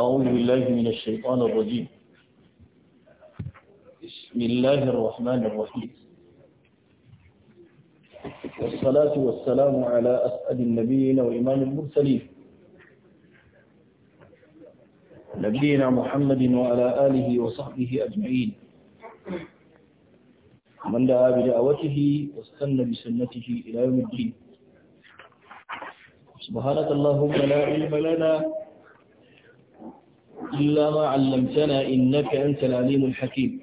أعوذ بالله من الشيطان الرجيم بسم الله الرحمن الرحيم والصلاة والسلام على أسعد النبيين وإمام المرسلين نبينا محمد وعلى آله وصحبه أجمعين من دعا بدعوته واستنى بسنته إلى يوم الدين سبحانك اللهم لا علم لنا إلا ما علمتنا إنك أنت العليم الحكيم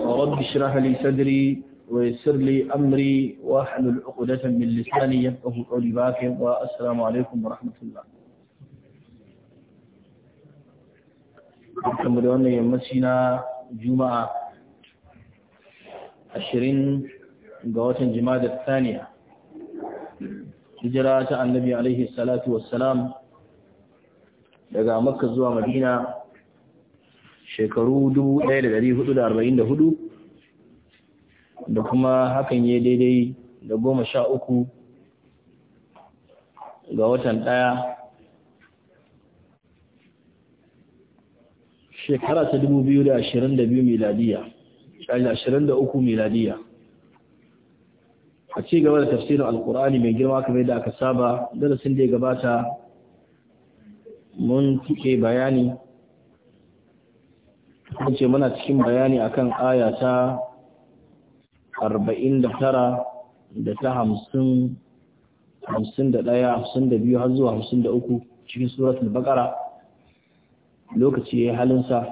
رب اشرح لي صدري ويسر لي أمري واحلل عقدة من لساني يفقه قولي باكر والسلام عليكم ورحمة الله kamar wannan يمسينا جمعة عشرين 20 ga الثانية jima'a النبي عليه الصلاة والسلام annabi daga makka zuwa madina shekaru 1444 da kuma hakan ya daidai da goma sha uku ga watan ɗaya shekara ta 2022 miladiya 23 miladiya a ci gaba da tafsirin alkur'ani mai girma kamar da aka saba darasin da ya gabata mun cike bayani mun ce muna cikin bayani akan aya ta 49 da ta 50 51 har zuwa 53 cikin suratul baqara lokaci yayin halinsa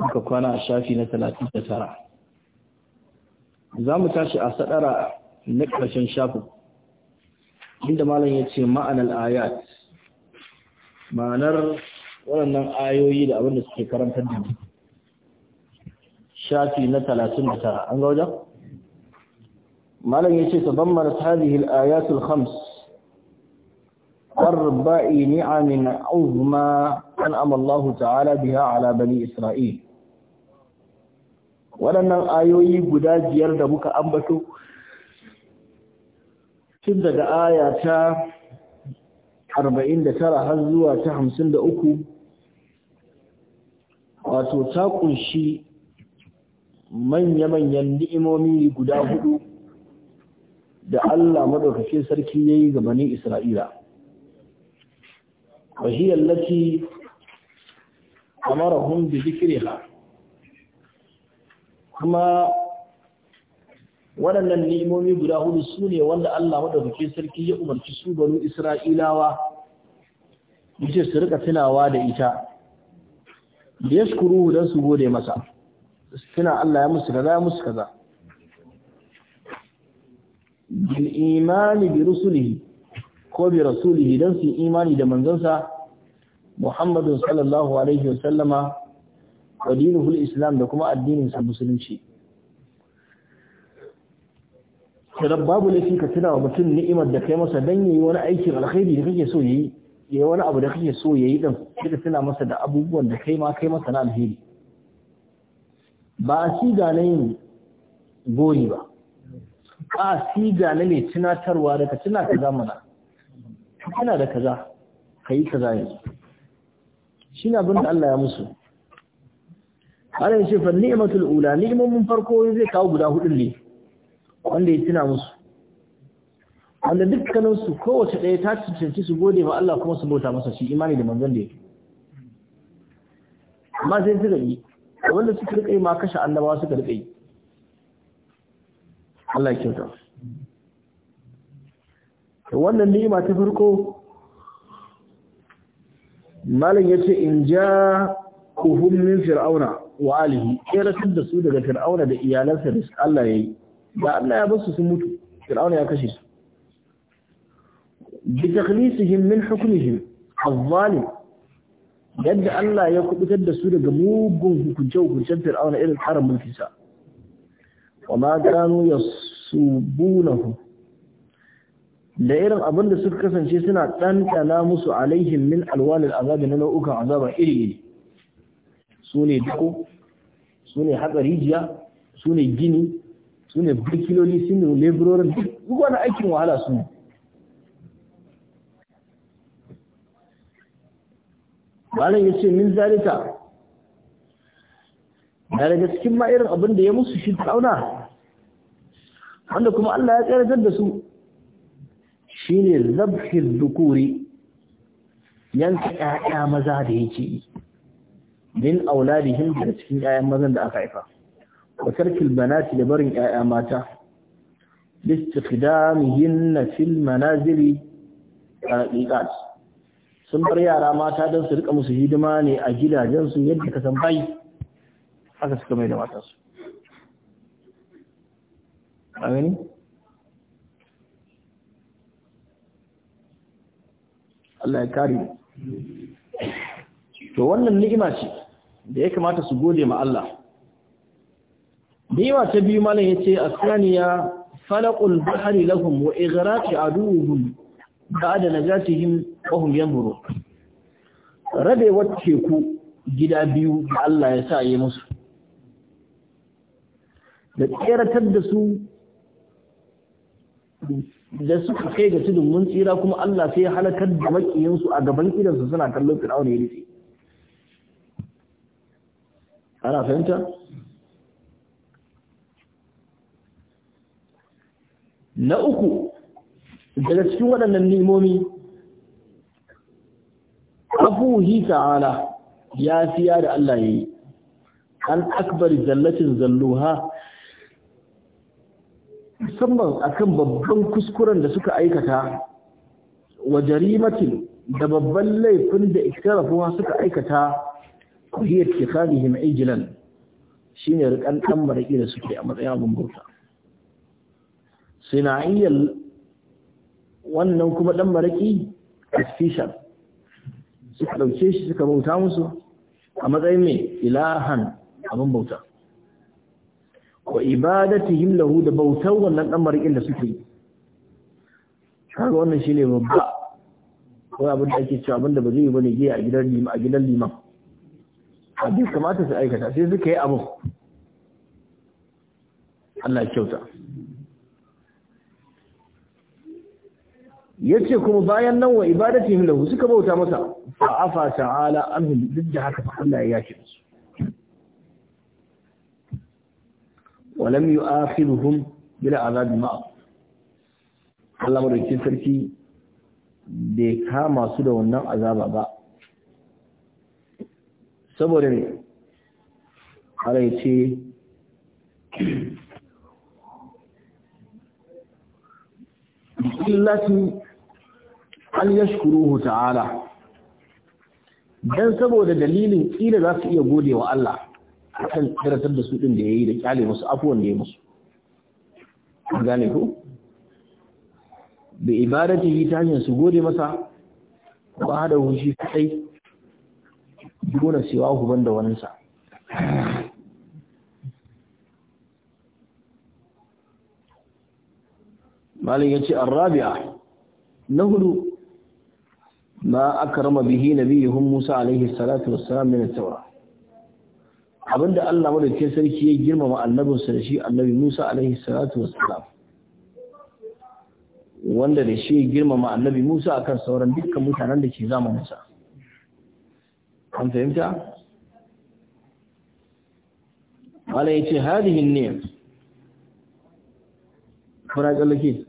aka kwana a shafi na 39 za mu tashi a sadara na ƙarshen shafin inda malam ya ce ma'anar ayat ma'anar waɗannan ayoyi da abinda suke karantar da shafi na tara, an ga wajen malam yace tadammarat hadhihi al-ayat al-khams أربع نعم عظمى أنعم الله تعالى بها على بني Isra'il. waɗannan ayoyi guda biyar da muka ambato tun daga aya ta arba'in da tara har zuwa ta hamsin da uku wato ta kunshi manya-manyan ni'imomi guda hudu da Allah madaukake sarki ya yi ga bani Isra'ila wahiyar lati allati amarahum da kuma waɗannan ni'imomi guda hudu su ne wanda Allah madaukakin sarki ya umarci su banu Isra'ilawa yace su rika tunawa da ita da yashkuru dan su gode masa suna Allah ya musu kaza ya musu kaza bil imani bi rusulihi ko bi rasulihi dan su imani da manzansa Muhammadu sallallahu alaihi wa sallama wa dinuhul islam da kuma addinin sa musulunci sannan babu laifi ka tuna wa mutum ni'imar da kai masa dan yayi wani aikin alkhairi da kake so yayi yayi wani abu da kake so yayi din sai ka tuna masa da abubuwan da kai ma kai masa na alheri ba a siga na yin gori ba a siga na mai tunatarwa da ka tuna kaza mana kana da kaza ka yi kaza yanzu shi ne abin da Allah ya musu ya ce fa ni'matul ula ni'imomin farko zai kawo guda hudun ne wanda ya tuna musu wanda dukkaninsu kowace ɗaya ta cancanci su gode ma Allah kuma su bauta masa shi imani da manzon da ya amma sai su gani wanda suka rika yi ma kashe annabawa suka rika yi Allah ya kyauta wannan ni'ima ta farko malam yace in ja kuhum min fir'auna wa alihi kira da su daga fir'auna da iyalansa da Allah yayi da Allah ya basu sun mutu fir'auna ya kashe su bi takhlisihim min hukmihim az-zalim yadda Allah ya kubutar da su daga mugun hukunce hukuncen fir'auna irin haram mulki sa wa ma kanu yasubunahu da irin abin da suka kasance suna ɗanɗana musu alaihim min al azabi na nau'ukan azaba iri-iri su ne duko su ne hatsarijiya su ne gini Sune ne bikiloli su ne duk wani aikin wahala su ne malam ya ce min zarika na daga cikin ma'irin abin da ya musu shi tsauna wanda kuma Allah ya tsaratar da su shi ne zabhin dukuri yanka ƴaƴa maza da yake yi min auladihim daga cikin ƴaƴan mazan da aka haifa وتركل بنات banati da barin 'ya'ya mata listikdamihinna fil sun bar yara mata don su rika musu hidima ne a gidajensu yadda ka san bai aka suka mai da matansu a gani Allah ya kare to wannan ni'ima ce da ya kamata su gode ma Allah Biwa ta biyu malam yace asaniya falaqul bahri lahum wa ighraqi aduwwuhum ba'da najatihim wa hum Rabe wacce teku gida biyu da Allah ya sa yi musu. Da tseratar da su da su kai ga tudun mun tsira kuma Allah sai ya halakar da makiyinsu a gaban idansu suna kallon fir'auni ya rufe. Ana fahimta? na uku daga cikin waɗannan nimomi afuhi ta'ala ya fiya da Allah ya yi an akbar zallatin zalluha musamman akan babban kuskuren da suka aikata wa jarimatin da babban laifin da iktarafuwa suka aikata kuhiyar tikhalihim ijlan shine ne dan maraki da suke a matsayin abin bauta sinayiyar wannan kuma ɗan maraƙi artificial suka ɗauke shi suka bauta musu a matsayin mai ilahan abin bauta wa ibadatihim lahu da bautar wannan ɗan maraƙin da suke yi kaga wannan shine babba ko abin da ake cewa abin da ba zai yi bane giya a gidan liman a gidan liman abin kamata su aikata sai suka yi abin Allah ya kyauta yace kuma bayan nan wa ibadatihim lahu suka bauta masa fa afa ta'ala anhu duk da haka fa Allah ya yashi su yu'akhiruhum bila بالعذاب ma Allah madaukakin sarki bai kama su da wannan azaba ba saboda ne Allah ya ce illati an yashkuruhu ta'ala dan saboda dalilin kila za su iya gode wa Allah akan karatar da su din da yayi da kyale musu afuwan da ya musu gane ku bi ibadatihi ta hanyar su gode masa ba da shi kaɗai, dole siwa da banda Malam sa malin yace arabi'a na hudu Na ma akrama bihi nabiyuhum Musa alaihi salatu wassalam min at abinda Allah madaukakin sarki ya girmama annabinsa da shi annabi Musa alaihi salatu wassalam wanda da shi girmama annabi Musa akan sauran dukkan mutanen da ke zamaninsa. An fahimta? Wala ce, hadihin ne, kuna tsallake,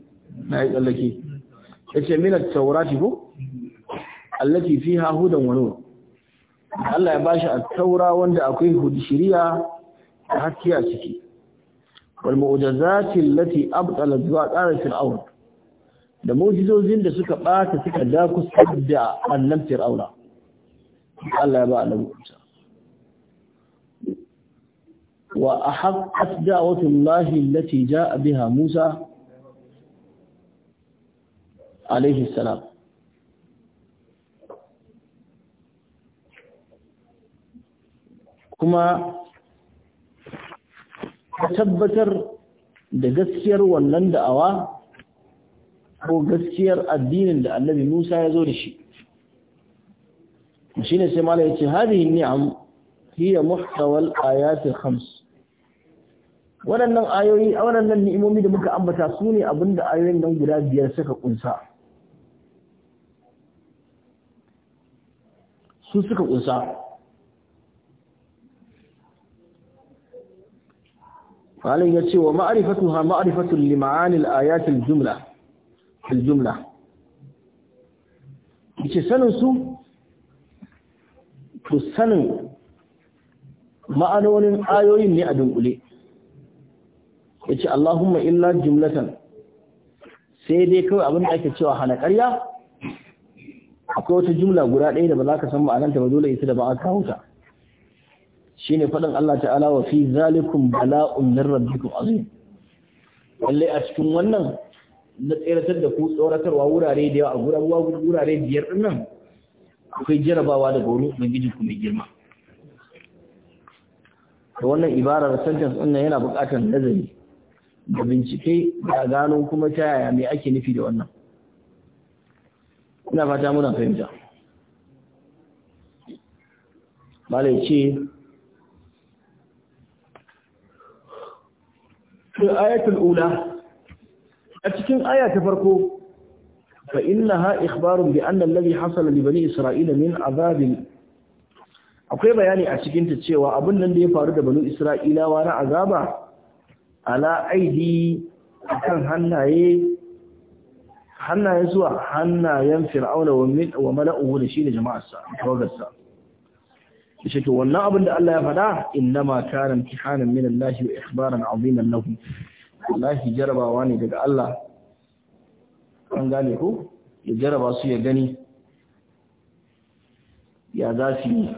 na yi tsallake, ya ce, minar ko? allati fiha hudan wa nur Allah ya bashi at-taura wanda akwai hudshiriya shari'a a ciki wal mu'jizati allati abtala zuwa fir'aun da mu'jizozin da suka bata suka dakusar Allah ya ba annabi wa ahaqqat da'watu Allah allati ja'a biha Musa alayhi salam kuma a tabbatar da gaskiyar wannan da'awa ko gaskiyar addinin da annabi Musa ya zo da shi shi ne sai mala ya ce hadihi ni'am hiya muhtawal ayati khams waɗannan ayoyi waɗannan ni'imomi da muka ambata su ne abinda ayoyin nan guda biyar suka kunsa su suka kunsa malam ya ce wa ma'arifatuha ma'arifatul li ma'anil ayatil jumla fil jumla yace sanin su sanin ma'anonin ayoyin ne a dunkule yace Allahumma illa jumlatan sai dai kawai abin da ake cewa hana ƙarya akwai wata jumla guda ɗaya da ba za ka san ma'ananta ba dole ita da ba a kawo ta Shi ne faɗin Allah ta'ala wa fi zalikun bala'un min rabbikum azim lalle a cikin wannan na tseratar da ku tsoratarwa wurare da yawa gurabuwa wurare biyar din nan akwai jarabawa da wurin ubangiji ku mai girma da wannan ibarar sentence din nan yana buƙatar nazari da bincike da gano kuma ta yaya me ake nufi da wannan ina fata muna fahimta malai ce fil ayatul a cikin aya ta farko fa innaha ikhbarun bi anna alladhi hasala li bani isra'ila min azabin akwai bayani a cikin ta cewa abin nan da ya faru da bani isra'ilawa na azaba ala aidi akan hannaye zuwa hannayen fir'auna wa mala'uhu da shi da jama'arsa tawagarsa shi wannan abin da Allah ya faɗa innama kana imtihanan min Allah wa ikhbaran aziman lahu wallahi jarabawa ne daga Allah an gane ko ya jaraba su ya gani ya za su yi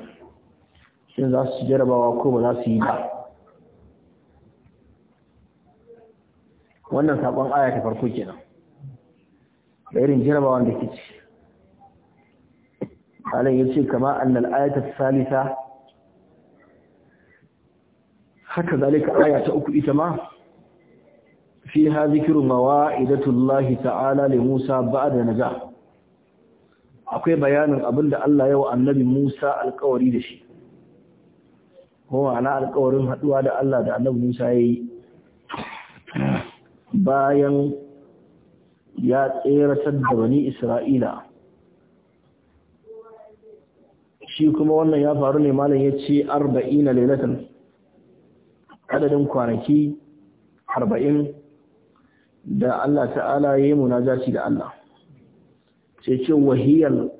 shin za su jarabawa ko ba za su yi ba wannan saƙon aya ta farko kenan da irin jarabawan da ke ci halin yace kama annal ayata salisa haka zalika aya ta uku ita ma ha zikru mawa'idatullahi ta'ala li Musa ba'da naga akwai bayanin abinda Allah ya wa annabi Musa alƙawari da shi ko ana alƙawarin haɗuwa da Allah da annabi Musa yayi bayan ya tsere da bani Isra'ila shi kuma wannan ya faru ne malam ya ce arba'ina lailatan adadin kwanaki arba'in da Allah ta'ala ya yi munajaci da Allah sai ce wahiyar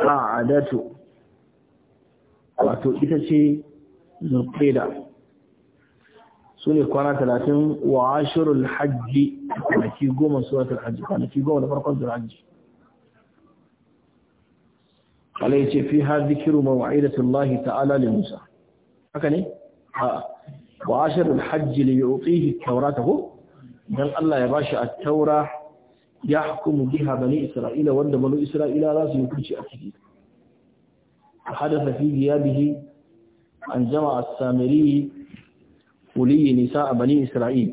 ƙa'adatu wato ita ce zurfeda su ne kwana talatin wa ashirul hajji kwanaki goma suwatar hajji kwanaki goma da farkon zuwa hajji Allah ya ce fi har zikiru mawa'idatullahi ta'ala li Musa haka ne a wa asharul hajji li yu'tihi tawrata dan Allah ya bashi at-taura yahkumu biha bani Isra'ila wanda bani Isra'ila za su yi hukunci a ciki حدث في an jama'a جمع السامري ولي نساء bani Isra'il.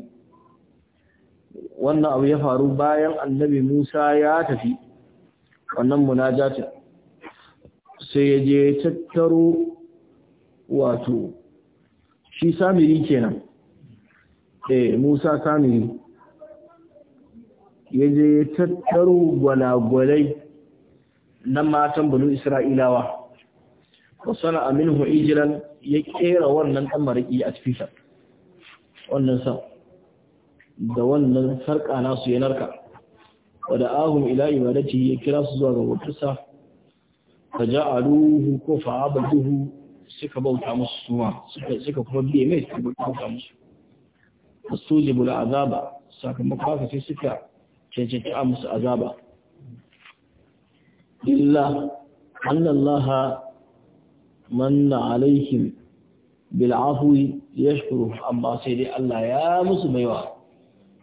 wannan abu ya faru bayan annabi Musa ya tafi wannan munajatin sai ya je tattaro wato shi samiri kenan eh Musa samiri ya je tattaro gwalagwalai na matan bulu Isra'ilawa sana aminu ijiran ya kera wannan dan mariki a cikin wannan sa da wannan sarƙa nasu ya narka wadda ahun ila ibadati ya kira su zuwa ga wutarsa fa ruhu ko fa abaduhu suka bauta musu suma suka kuma biye mai suka bauta musu astujibu bula azaba sakamakon haka sai suka cancanci a musu azaba illa annallaha manna alaihim bil afwi yashkuru amma sai dai Allah ya musu baiwa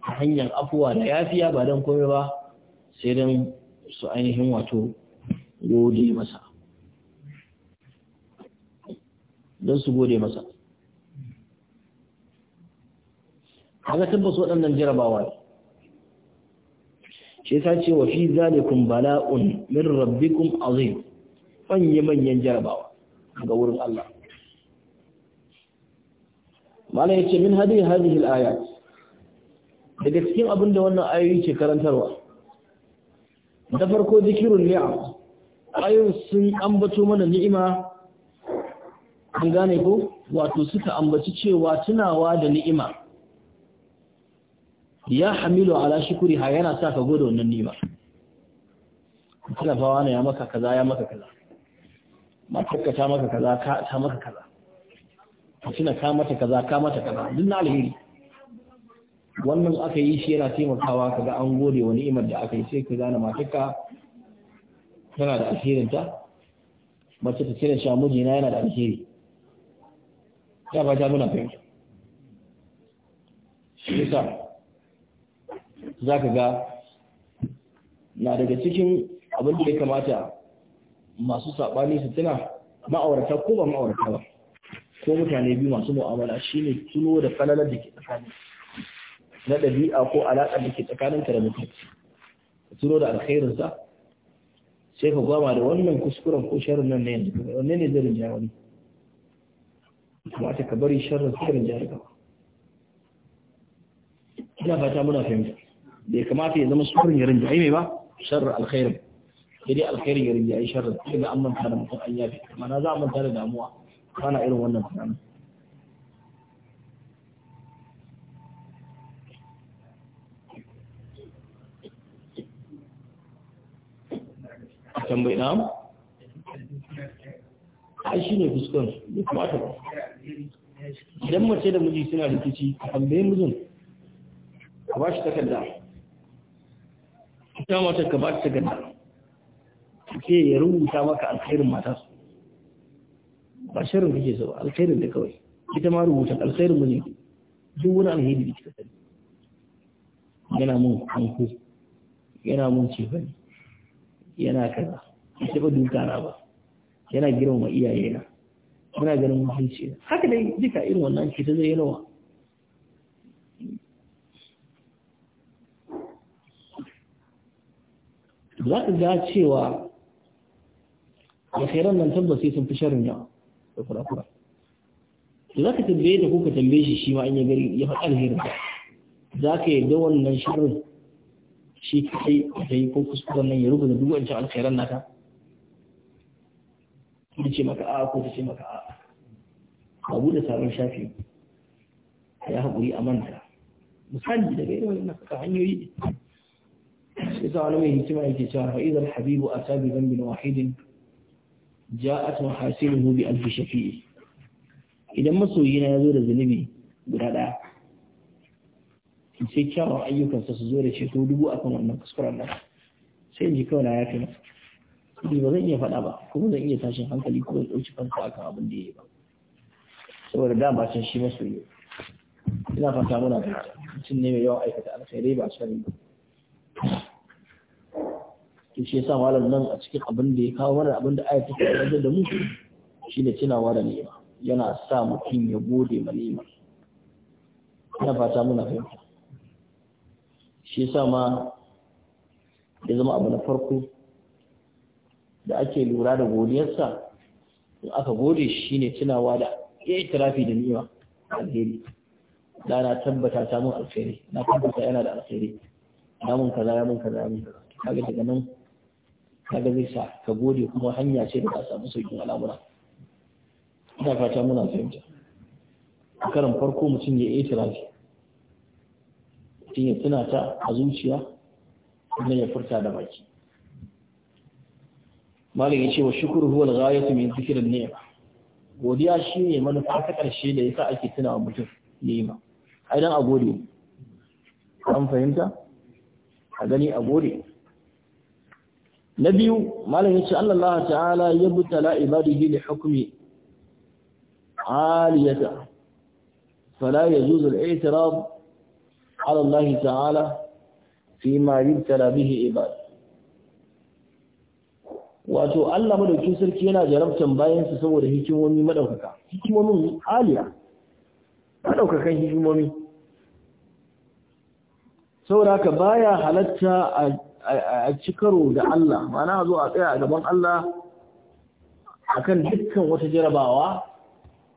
a hanyar afuwa da yafiya ba dan komai ba sai dan su ainihin wato gode masa don su gode masa haka tabbas waɗannan jarabawa ne shi ta ce wa fi zalikun bala'un min rabbikum azim manya manyan jarabawa ga wurin Allah ya ce min hadi hadhihi al daga cikin abinda wannan ayoyi ke karantarwa da farko zikirun ni'am ayoyin sun ambato mana ni'ima an gane ko wato suka ambaci cewa tunawa da ni'ima ya hamilu ala shukuri ha yana sa ka gode wannan ni'ima talafawa wani ya maka kaza ya maka kaza tukka ta maka kaza ka ta maka kaza Kuna ka mata kaza ka mata kaza duk na alheri wannan aka yi shi yana taimakawa kaga an gode wa ni'imar da aka yi sai ka gane tukka tana da alherinta mace ta cire sha mijina yana da alheri ya ba ta muna fahimta shi yasa za ka ga na daga cikin abin da ya kamata masu saɓani su tuna ma'aurata ko ba ma'aurata ba ko mutane biyu masu mu'amala shine tuno da falalar da ke tsakanin na ɗabi'a ko alaƙar da ke tsakaninka da mutum tuno da alkhairinsa sai ka gwama da wannan kuskuren ko sharrin nan na yanzu wannan ne zai rinjaya wani kamata ka bari sharrin sai rinjaya gaba ina fata muna fahimta da ya kamata ya zama sharrin ya rinjaye mai ba sharrin alkhairin sai dai alkhairin ya yi sharrin sai ga an manta da mutum an yafe mana za a manta da damuwa kana irin wannan tunanin tambayi na a shi ne fuskon ya kamata ba idan mace da miji suna rikici a tambayin mijin ka ba shi takarda ta mata ka ba shi takarda ke ya rubuta maka alkhairin su ba shirin kake so alkhairin da kawai ita ma rubuta alkhairin mu ne duk wani alheri da ke sani yana mun hanku yana mun cefani yana kaza ya taɓa dukana ba yana girmama iyayena muna ganin mutunci haka dai duka irin wannan ta zai yawa za ka ga cewa alkhairan nan sai sun fi sharin yawa da kura-kura za ka tambaye da kuka tambaye shi shi ma an ya gari ya faɗa alherin za ka da wannan shirin shi kai da yi ko kuskuren nan ya rubuta duk wancan alkhairan naka ta ce maka a ko ta ce maka a a da sabon shafi ya haƙuri a manta misali daga irin wannan saka hanyoyi sai sa wani mai hikima yake cewa fa'izar habibu a sabi zambin wahidin ja'at mahasiluhu bi alfi shafi'i idan masoyina ya zo da zunubi guda ɗaya sai kyawun ayyukansa su zo da ceto dubu akan wannan kuskuren nan sai in ji kawai na yafe masa ni ba zan iya faɗa ba kuma zan iya tashin hankali ko in ɗauki a akan abin da ya yi ba saboda da ba can shi masu yi ina fata muna da mutum ne mai yawan aikata alkhairai ba sharri ba to shi sa malam nan a cikin abin da ya kawo mana abin da ayatu ta rage da mu shine tunawa da ni'ima yana sa mutum ya gode ma ni'ima ina fata muna fahimta shi sa ma ya zama abu na farko da ake lura da godiyarsa in aka gode shi ne tunawa da ya yi tarafi da ni'ima alheri da na tabbata samun alheri na tabbata yana da alheri ya mun kaza ya mun kaza ya mun kaza kaga daga nan kaga zai sa ka gode kuma hanya ce da ka samu sauƙin al'amura ina fata muna fahimta a karan farko mutum ya yi tarafi mutum ya tuna ta a zuciya kuma ya furta da baki malam ya ce wa shukuru huwa al-ghayatu min dhikrin ni'ma godiya shine manufa ta karshe da yasa ake tuna wa mutum ni'ima ai dan a gode an fahimta a gani a gode na biyu malam ya ce Allah ta'ala ya butala ibadihi li hukmi aliyata fala yajuzu al-i'tirad على الله تعالى فيما يبتلى به عباد wato Allah madaukin sarki yana jarabtan bayan su saboda hikimomi madaukaka hikimomin aliya madaukakan hikimomi saboda ka baya halatta a cikaro da Allah mana zo a tsaya a gaban Allah akan dukkan wata jarabawa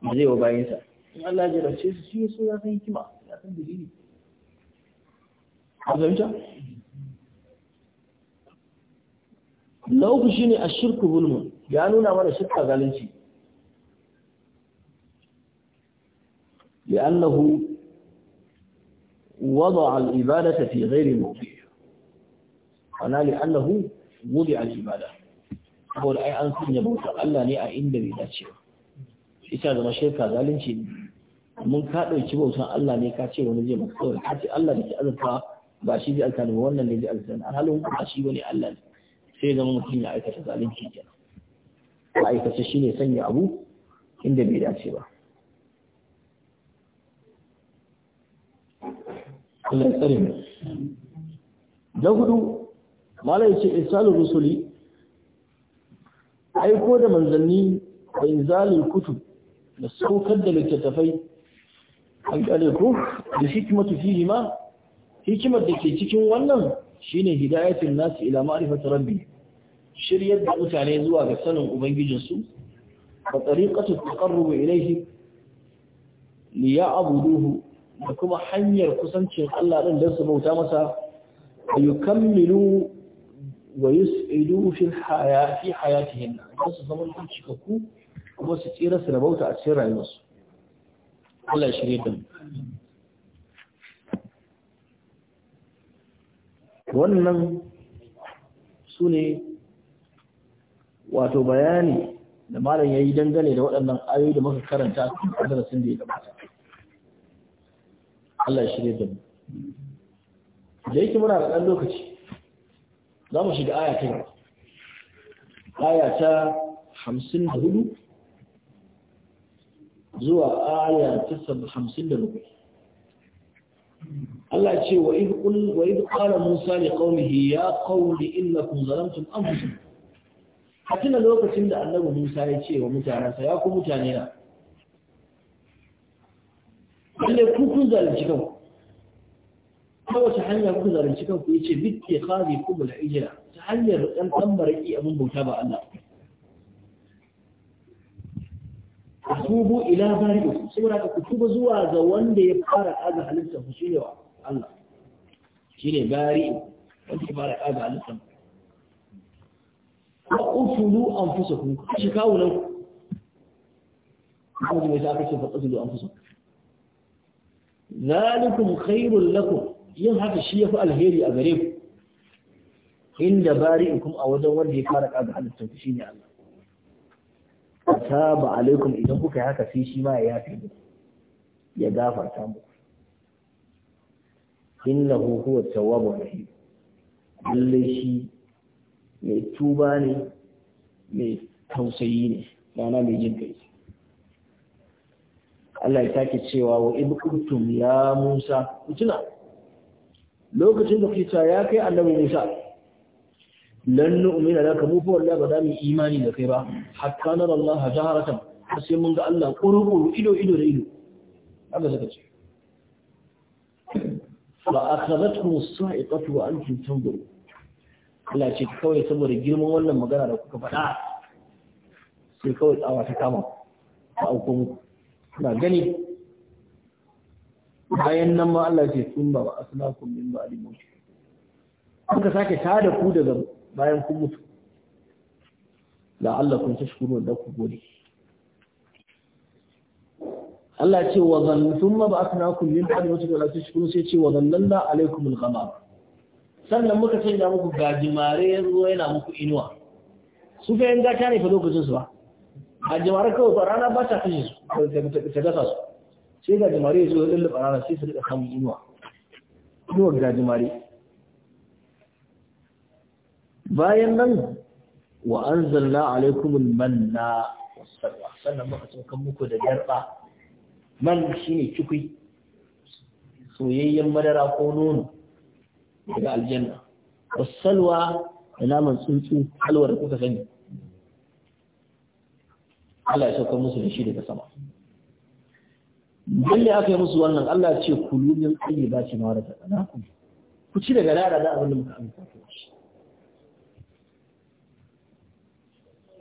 da zai wa bayansa in Allah ya jarabce su shi so ya san hikima ya san dalili azabita na uku shi ne a shirku bulmun ya nuna mana shirka zalunci ya annahu wadda al’ibada ta fi zairin mutum ana li annahu wuri al’ibada da ai an sun yabo ta Allah ne a inda bai dace ba. ita zama shirka zalunci mun kaɗauki bautan Allah ne ka ce wani zai masu tsawar ka ce Allah da ke azurta ba shi zai alkanu ba wannan ne zai alkanu halin kuma shi wani Allah ne sai zama mutum ya aikata zalunci kenan ba aikata shi ne sanya abu inda bai dace ba Allah ya tsare mu da hudu malai ya ce isalu rusuli aiko da manzanni wa inzalul kutub da saukar da littattafai an kare ko da kuma tafi ma hikimar da ke cikin wannan shine hidayatin nasu ila ma'rifati rabbi shiryar da mutane zuwa ga sanin ubangijinsu wa tariqatu taqarrub ilayhi li ya'buduhu da kuma hanyar kusancin Allah din da su bauta masa yukammilu wa yus'idu fi hayati hayatihim su zaman cikakku kuma su tsira su rabauta a cikin rayuwarsu Allah ya shirye da mu wannan su ne wato bayani da malam ya yi dangane da waɗannan ayoyi da muka karanta a darasin da ya gabata Allah ya shirya da mu da yake muna da ɗan lokaci za mu shiga aya ta gaba aya ta hamsin da hudu zuwa aya ta hamsin da rubutu Allah ce wa idh qala Musa li qaumihi ya qauli innakum zalamtum anfusakum a tuna lokacin da annabi Musa ya ce wa mutanensa ya ku mutane na lalle ku kun zalunci kanku ta wace hanya ku zalunci kanku ya ce bitte khazi kumul ijra ta hanyar dan ɗan baraki abin bauta ba Allah asubu ila bari'u saboda ku tuba zuwa ga wanda ya fara aza halitta ku shine wa Allah shi ne bari wanda ya fara ƙaga halittar ku a ƙufulu an fusa ku kashe kawo nan ku kuma sa aka ce fa ƙasulu an fusa zalikum khairul lakum yin haka shi ya fi alheri a gare ku inda Bari in bari'ikum a wajen wanda ya fara ƙaga halittar ku ne Allah Asaba alaikum idan kuka yi haka sai shi ma ya yafe ya gafarta mu innahu huwa tawwabur rahim lalle shi mai tuba ne mai tausayi ne mana mai jin kai Allah ya sake cewa wa in kuntum ya Musa kutuna lokacin da kuka ya kai annabi Musa lan nu'mina laka mu fa wallahi ba za mu imani da kai ba hatta nara Allah jaharatan sai mun ga Allah kuru ido ido da ido haka suka ce ba a kazat kuma su haƙatu wa an cutan buru Allah ce kawai saboda girman wannan magana da kuka faɗa sai kawai tsawa ta kama ta auko muku na gani bayan nan ma Allah ce sun ba a suna kumbin ba a limauci kuka sake da ku daga bayan kun mutu Da Allah la'allakum tashkurun da ku gode Allah ce wa zan thumma ba'athnakum min ba'di mauti wa la tashkurun sai ce wa zallalna alaikum al-ghamam sannan muka sanya muku gajimare ya zo yana muku inuwa su fa yan gata ne fa lokacin su ba gajimare kawai ba rana ba ta kashe su ta gasa su sai gajimare ya zo ya lullaba rana sai su rika samun inuwa inuwa gajimare bayan nan wa anzalna alaikum al-manna was sannan muka tsokan muku da garba man shi ne cikui soyayyen madara ko nono daga aljanna wasalwa da naman tsuntsu halwar da kuka sani Allah ya sauka musu da shi daga sama Dalle aka yi musu wannan Allah ya ce kulu tsaye ba ce mawar da tsada ku ku ci daga lara da abin da muka amince ku ci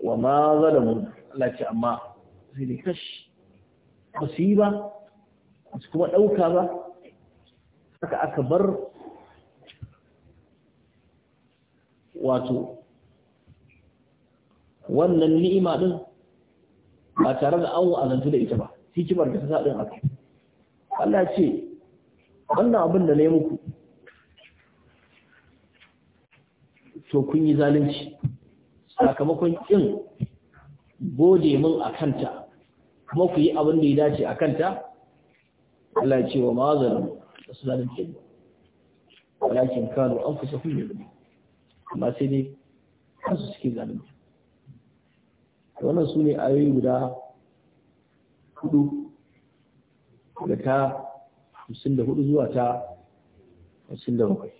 wa ma zalamu Allah ce amma sai da kashi musiba su yi ba kuma ɗauka ba haka aka bar wato wannan ni'ima din ba tare da an wa'azantu da ita ba hikimar da ta sa din aka Allah ce wannan abin da na yi muku to kun yi zalunci sakamakon kin gode min a kanta kuma ku yi abin da ya dace a kanta Allah ya ce wa ma'azarin da su zanen ke walakin kano an kusa kun yi amma sai ne kansu suke zanen wannan su ne ayoyi guda hudu da ta hamsin da hudu zuwa ta hamsin da bakwai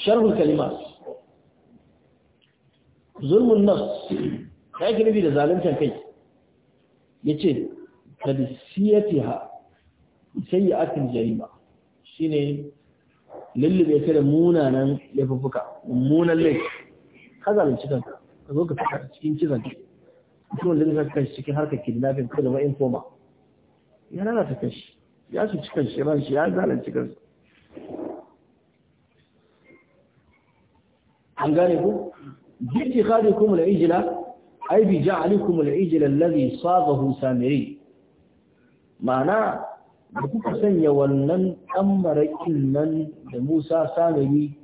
sharhul kalimat zulmun nafs ya yi nufi da zaluntar kai ya ce kadisiyatiha sai ya akin jarima shi ne lullube ta da munanan laifuffuka munan laifi ka zalunci kanka ka zo ka fita cikin kizan kai mutumin wanda zai kanshi cikin harkar kidnapping ko da ma'in koma ya lalata kashi, ya su cikin shi ran shi ya zalunci kansa an gane ku jiki kari kuma da ijila ai bi ja'ali kuma da ijila lalli sabahu samiri ma'ana da kuka sanya wannan ɗan maraƙin nan da musa samiri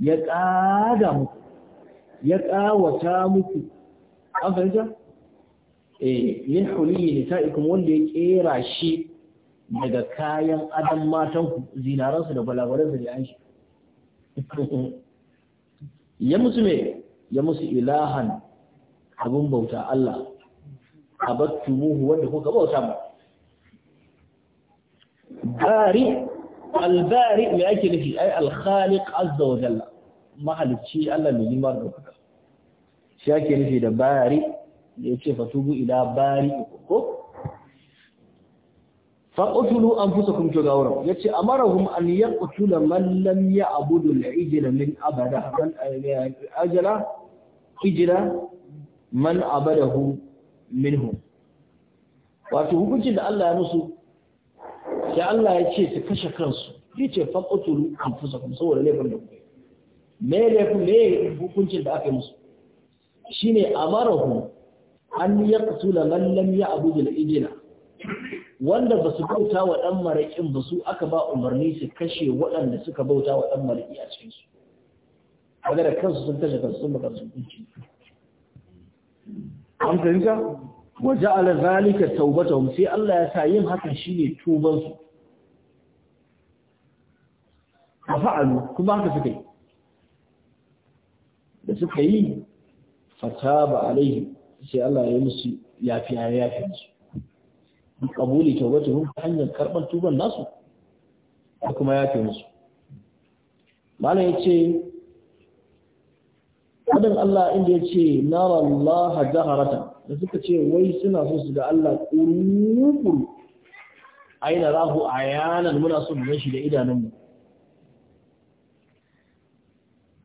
ya ƙada muku ya ƙawata muku an fahimta? eh min huliyi wanda ya ƙera shi daga kayan adam matanku zinaransu da balabaransu da an shi ya musu me ya musu ilahan abin bauta Allah a abattumuhu wanda kuka bauta mu bari albari me ake nufi ai alkhaliq azza wa jalla mahalicci Allah mai nimar da kuka shi ake nufi da bari Ya yace fatubu ila bari ko faqtulu anfusakum to gawra yace amarahum an yaqtula man lam ya'budu al-ijla min abada man eh, eh, ajala hijira man abadahu minhum wato hukuncin da Allah ya musu sai Allah ya ce su kashe kansu ya ce faƙutulu an fusa saboda laifin da kuke me laifin me hukuncin da aka yi musu shine amarahu an yaqtula man lam ya'bud al-ijla wanda ba su bauta wa dan maraƙin ba su aka ba umarni su kashe waɗanda suka bauta wa dan maraƙi a cikin su wadda da kansu sun tashi kansu sun baka sun kunci an fahimta waje ala zalika tawbatahum sai Allah ya sa yin hakan shi ne tubansu a fa'alu kuma haka suka yi da suka yi fataba laihi sai Allah ya yi musu yafiya ya yi ƙabuli ta'ubata tawbatahum hanyar karɓar tuban nasu kuma yafi musu malam yace Adan Allah inda ya ce, Nara Allah jaharata, da suka ce, wai suna so su da Allah ƙurukuru, aina rahu a yanar muna so mu shi da idanunmu.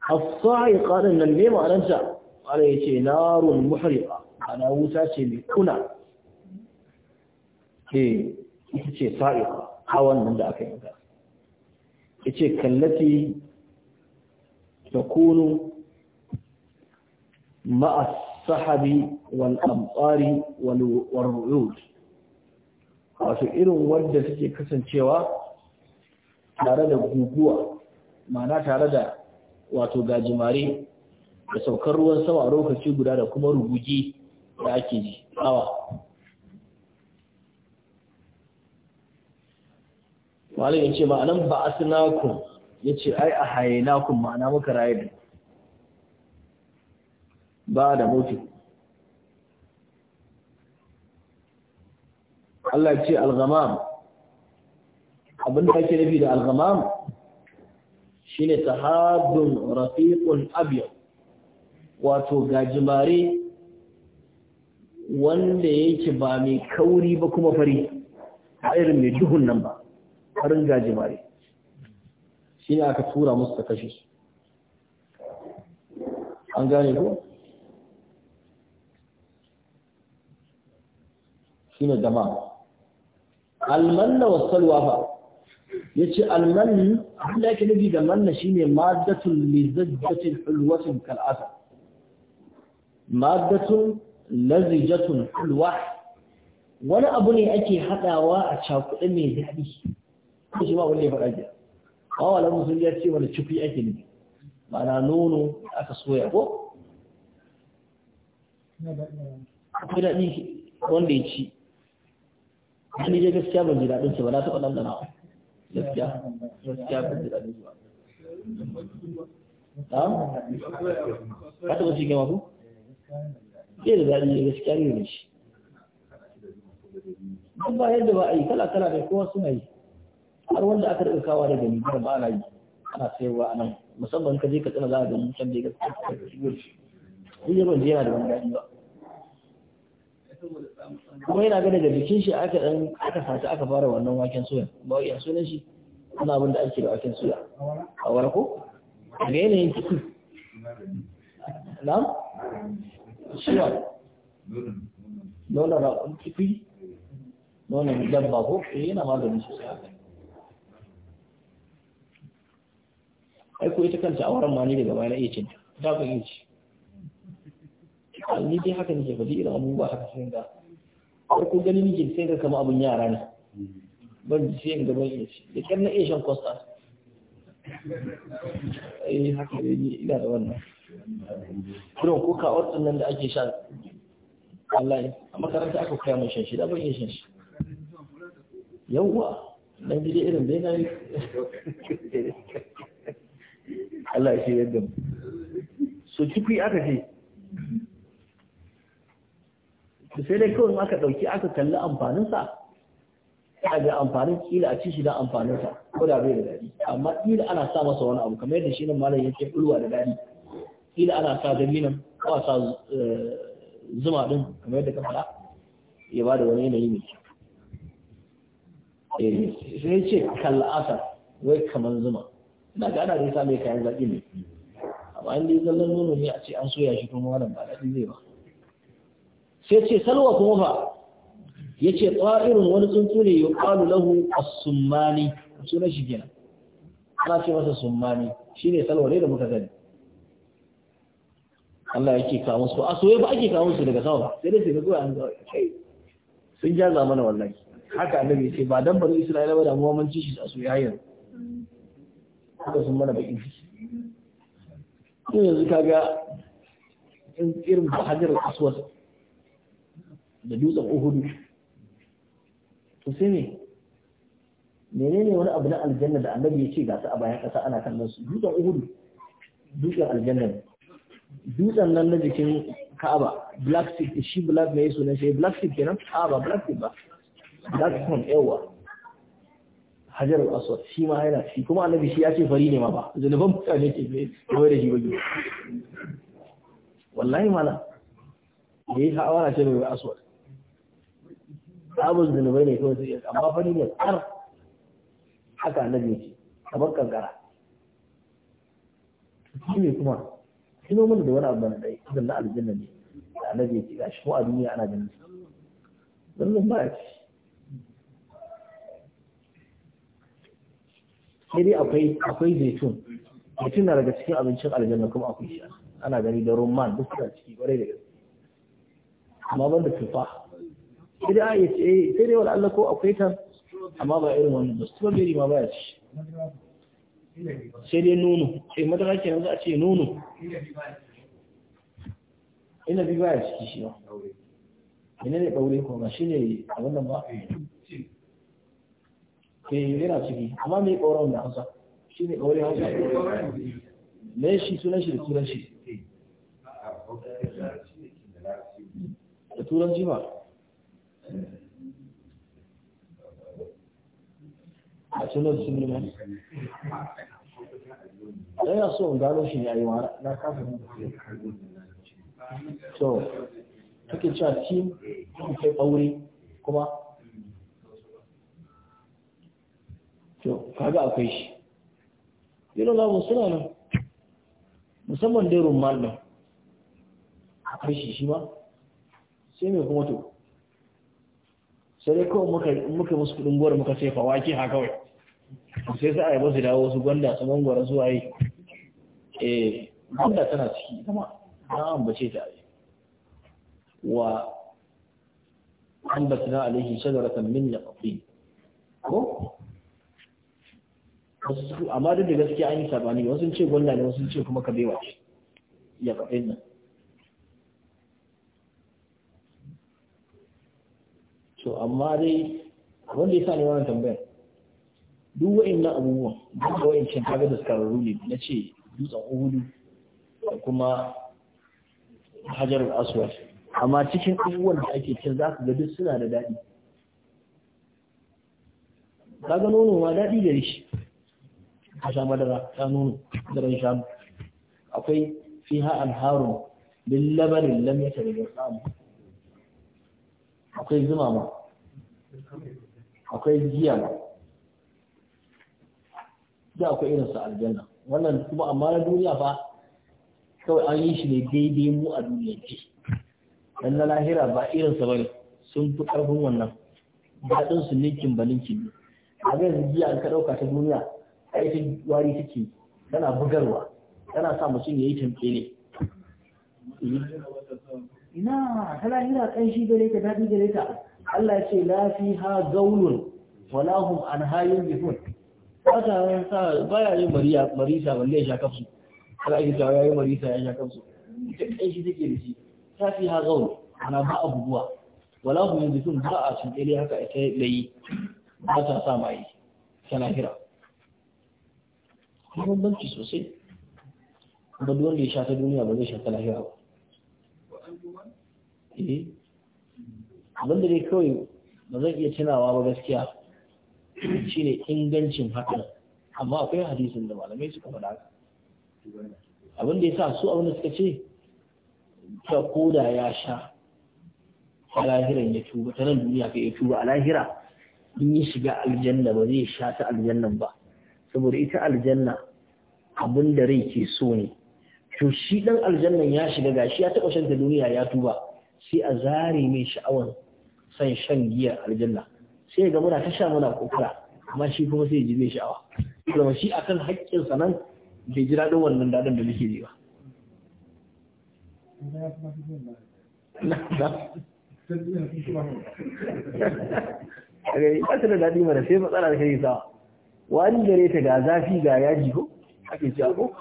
Hafsa'i ƙarin nan ne ma'ananta, ana ya ce, Narun a ana wuta ce mai kuna. Ke, ita ce sa'iqa, hawan nan da aka yi magana. Ya ce, kallafi ta kunu مع السحب والأمطار والرعود wato irin wanda suke kasancewa tare da guguwa ma'ana tare da wato gajimare da saukar ruwan sama a lokaci guda da kuma rubuge da ake ji awa malin ya ce ma'anan ba a sinakun ya ce ai a hayenakun ma'ana muka raye da ba da mutu Allah ce al-ghamam abinda ake nufi da al-ghamam shine tahadun rafiqun abyad wato gajimare wanda yake ba mai kauri ba kuma fari a irin mai duhun nan ba farin gajimare shine aka tura musu ta kashe su an gane ko shine dama almanna wasalwa fa yace almanni abinda yake nufi da manna shine maddatul lizzatil hulwatin kal asal maddatul lazijatul hulwa wani abu ne ake hadawa a cakuɗe mai daɗi ko shi ma wanda ya faɗa jiya kawo alamun sun ya ce wani ciki ake nufi mana nono aka soya ko akwai daɗi wanda ya ci ni dai gaskiya ban ji daɗin shi ba na taɓa ɗanɗana ba gaskiya gaskiya ban ji daɗin shi ba ka taɓa shi gama ku zai da daɗi gaskiya ne ne shi ba yadda ba a yi kala kala da kowa suna yi har wanda aka rika kawa daga ni ba ana yi ana sayarwa a nan musamman ka je ka tsina za a gani mutum da ya gaskiya ka shigo shi. ban je yana da wani daɗi ba. kuma yana ga da bikin shi aka dan aka fata aka fara wannan waken soya ba ya sunan shi ana abin da ake da waken soya a wara ko daga yanayin kitu na shiwa nonon rakun kifi nonon dabba ko eh, yana maganin sosai haka ai ko ita kanta a wurin ma ne daga baya na iya cinta da ku iya ci ni dai haka nake faɗi irin abubuwa haka sai ga farko gani nake sai ga kama abin yara ne ban ji sai ga ban iya ci da kyar na iya shan kwasta eh haka dai ni ina da wannan kuma ko ka ordin nan da ake sha wallahi a makaranta aka kai mun shan shi da ban iya shan shi yawwa dan ji irin dai na yi Allah ya shi yadda so ciki aka ce da sai dai kawai aka ɗauki aka kalli amfaninsa a ga amfanin kila a ci shi don amfaninsa ko da bai da daɗi amma kila ana sa masa wani abu kamar yadda shi nan malam yake ulwa da daɗi kila ana sa gami nan ko a sa eh, zuma ɗin kamar yadda ka faɗa ya ba da wani yanayi mai kyau eh, sai ce kalla asar wai kamar zuma ina ga ana da yasa mai kayan zaƙi ne amma in dai zallan nono ne a ce an soya shi kuma wannan ba daɗi zai ba sai ce salwa kuma fa yace qa'irun wani tsuntsu ne yuqalu lahu as-summani sunan shi kenan ana ce masa summani shine salwa ne da muka gani. Allah yake kawo musu a soyayya ba ake kawo musu daga sama ba sai dai sai ga zuwa an zuwa kai sun jaza mana wallahi haka annabi sai ba dan bari Isra'ila ba da mu mun ci shi a soyayya hayin haka sun mana bakin ciki yanzu kaga in irin hajar aswad da dutsen uhudu to sai ne menene wani abu na aljanna da annabi ya ce ga su a bayan ƙasa ana kallon su dutsen uhudu dutsen aljanna dutsen nan na jikin ka'aba black da shi black mai na shi black seed kenan ka'aba black seed ba black stone yawa hajar al-aswad shi ma yana shi kuma annabi shi ya ce fari ne ma ba zanuban mutane ke bai kawai da shi ba wallahi mala yi ha'awa na ce mai aswad sabon zunubai ne kawai sai amma fari ne tsar haka na ya ce kamar kankara shi ne kuma ne mana da wani abu na dai idan na aljanna ne da na ya ce gashi ko a duniya ana ganin sa zallan ba ya ce sai dai akwai akwai zaitun zaitun na daga cikin abincin aljanna kuma akwai shi ana gani da roman duk da ciki kwarai da gaske amma ban da tufa sai dai a iya ce eh sai dai Allah ko akwai ta amma ba irin wannan ba strawberry ma ba ya ci sai dai nono eh madara kenan za a ce nono ina bi ba ya ciki shi ba ina ne ɓaure ko ba shine a wannan ba ke eh, yana ciki amma mai ƙauran da hausa shi ne ƙaure hausa ne shi sunan shi da turanci da turanci ba sunan suleiman ina so in gano shi ne a yi wa na kafa so take cewa tim kai aure kuma to kaga akwai shi irin abu suna nan musamman dai rumman nan akwai shi shi ma sai mai kuma to sai dai kawai muka musu kudin gora muka sai fawaki ha kawai sai sa yi su dawo wasu gwanda su mangwara su a eh gwanda tana ciki kuma na ambace ta yi. wa ambatna alaihi kan min yaqtin ko amma duk da gaskiya an yi sabani wasu ce gwanda ne wasu ce kuma kabewa ce kafin nan to amma dai wanda ya sa ne wannan tambayar duk na abubuwan duk da wa'in kaga da skararru ne na ce dutsen uhudu da kuma hajar aswad amma cikin abubuwan da ake cin za ka ga duk suna da daɗi ka ga nono ma daɗi da shi ka sha madara ta nono ran shanu akwai fiha alharun bin labarin lamita da tare samu akwai zuma ma akwai giya ma da akwai irin su aljanna wannan kuma amma na duniya fa kawai an yi shi ne daidai mu a duniya ce dan na lahira ba irin sa bane sun fi karfin wannan dadin su ninkin ba ninkin ne a ga yanzu jiya an ka ɗauka ta duniya ai ta wari take tana bugarwa tana sa mutum ya yi tamke ne ina ta lahira shi gare ta dadi gare ta Allah ya ce la fi gaulun wala hum an hayin bihun ba ta sa ba ya yi mariya marisa balle ya sha kafsu ala ake cewa ya yi marisa ya sha kafsu ita kai shi take da shi ta fi ha zaun ana ba abubuwa wala hu yanzu sun ba a cin ɗaya haka ita da yi ba ta sa mai ta lahira kuma banci sosai ba duk wanda ya sha ta duniya ba zai sha ta lahira ba eh abinda dai kawai ba zan iya tunawa ba gaskiya shine ingancin haka amma akwai hadisin da malamai suka faɗa haka abin da ya sa su abin suka ce ta koda ya sha a lahiran ya tuba ta nan duniya ka ya tuba a lahira in ya shiga aljanna ba zai sha ta Aljanna ba saboda ita aljanna abin da rai ke so ne to shi dan aljannan ya shiga gashi ya taɓa shan duniya ya tuba sai a zare mai sha'awar son shan giyar aljanna sai ga muna ta sha muna kokara amma shi kuma sai ji zai sha'awa kuma shi akan haƙƙin sa nan bai ji daɗin wannan daɗin da nake ji ba gari ba su da daɗi mana sai matsala da kai sawa wani gare ta ga zafi ga yaji ko ake ci ko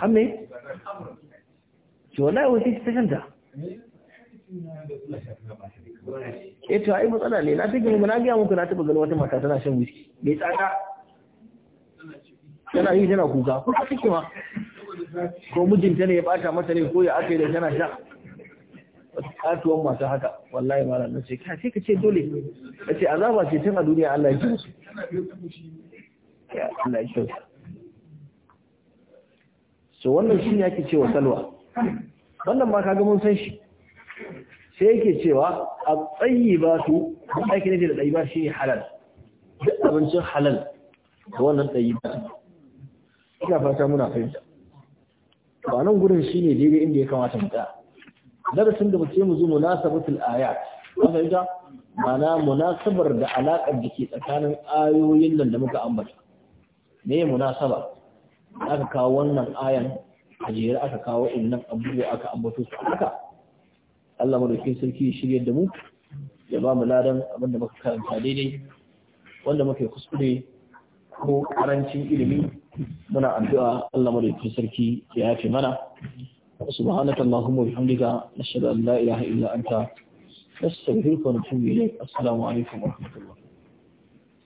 hamme ci wallahi wasu ta shanta eh to ai matsala ne na tuka mu na ga muku na tafi ganin wata mata tana shan whisky mai tsada tana yi tana kuka ko ka tike ma ko mijinta ne ya bata mata ne ko ya aka yi da tana sha katuwan masu haka wallahi ma na ce ka sai ka ce dole ka ce azaba ce tun a duniya Allah ya ce Ya Allah ya ce so wannan shi ne ake cewa salwa wannan ma kaga mun san shi sai yake cewa at tsayi ake nufi da tayyiba shi halal duk abincin halal da wannan tayyiba ina fata muna fahimta ba nan gurin ne daidai inda ya kamata mu tsaya darasin da muke mu zo munasabatul ayat an fahimta mana munasabar da alaƙar da ke tsakanin ayoyin nan da muka ambata me munasaba aka kawo wannan ayan a jere aka kawo innan abubuwa aka ambato su haka Allah madaukakin sarki ya shirya da mu ya ba mu ladan abinda muka karanta daidai wanda muka kuskure ko karancin ilimi muna addu'a Allah madaukakin sarki ya yafe mana subhanaka allahumma bihamdika nashhadu an la ilaha illa anta nastaghfiruka wa natubu ilayk assalamu alaikum wa rahmatullah